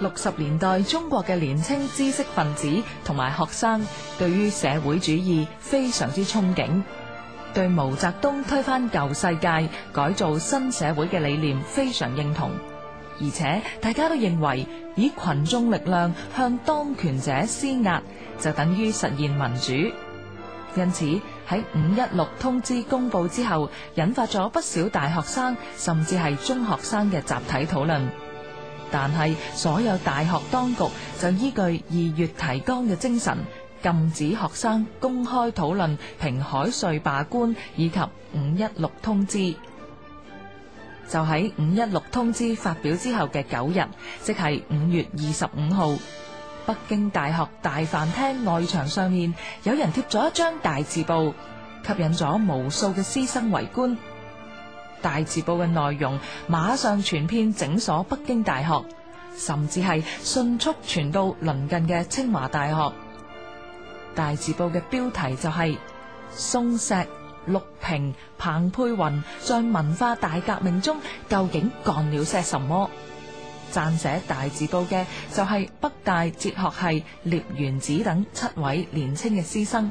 六十年代中國嘅年青知識分子同埋學生，對於社會主義非常之憧憬，對毛澤東推翻舊世界、改造新社會嘅理念非常認同，而且大家都認為以群眾力量向當權者施壓，就等於實現民主。因此喺五一六通知公布之後，引發咗不少大學生甚至係中學生嘅集體討論。但係所有大學當局就依據二月提綱嘅精神，禁止學生公開討論評海瑞罷官以及五一六通知。就喺五一六通知發表之後嘅九日，即係五月二十五號，北京大學大飯廳外牆上面有人貼咗一張大字報，吸引咗無數嘅師生圍觀。大字報嘅內容馬上傳遍整所北京大學，甚至係迅速傳到鄰近嘅清華大學。大字報嘅標題就係、是：宋碩、陸平、彭佩雲在文化大革命中究竟幹了些什麼？撰寫大字報嘅就係北大哲學系聶元梓等七位年輕嘅師生。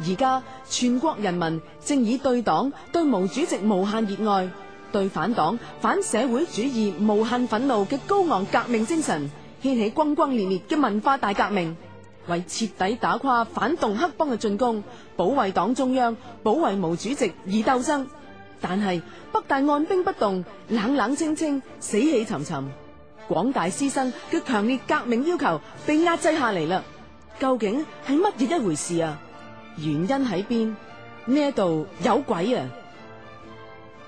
而家全國人民正以對黨、對毛主席無限熱愛、對反黨、反社會主義無限憤怒嘅高昂革命精神，掀起轟轟烈烈嘅文化大革命，為徹底打垮反動黑幫嘅進攻，保衛黨中央、保衛毛主席而鬥爭。但係北大按兵不動，冷冷清清，死氣沉沉。廣大師生嘅強烈革命要求被壓制下嚟啦。究竟係乜嘢一回事啊？原因喺邊？呢度有鬼啊！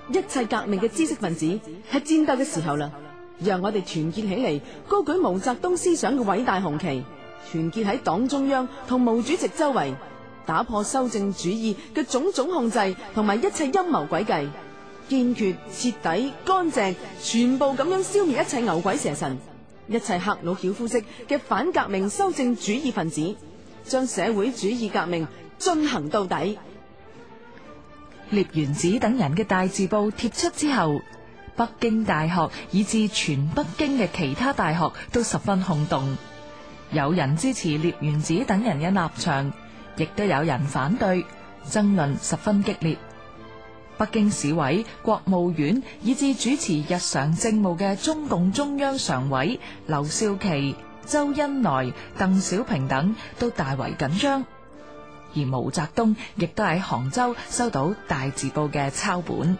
一切革命嘅知識分子喺戰鬥嘅時候啦，讓我哋團結起嚟，高舉毛澤東思想嘅偉大紅旗，團結喺黨中央同毛主席周圍，打破修正主義嘅種種控制同埋一切陰謀詭計，堅決徹底乾淨全部咁樣消滅一切牛鬼蛇神、一切赫魯曉夫式嘅反革命修正主義分子。將社會主義革命進行到底。聶元梓等人嘅大字報貼出之後，北京大學以至全北京嘅其他大學都十分轟動。有人支持聶元梓等人嘅立場，亦都有人反對，爭論十分激烈。北京市委、國務院以至主持日常政務嘅中共中央常委劉少奇。周恩來、鄧小平等都大為緊張，而毛澤東亦都喺杭州收到《大字報》嘅抄本。